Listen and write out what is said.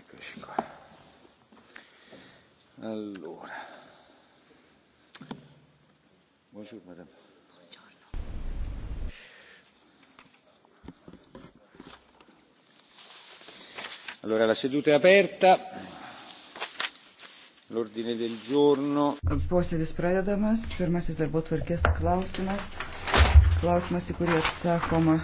eccoci qua. Allora. Buongiorno, madame. Buongiorno. Allora, la seduta è aperta. L'ordine del giorno. Posėdis pradedamas. Pirmasis darbo tvarkės klausimas. Klausimas, į kurį atsakoma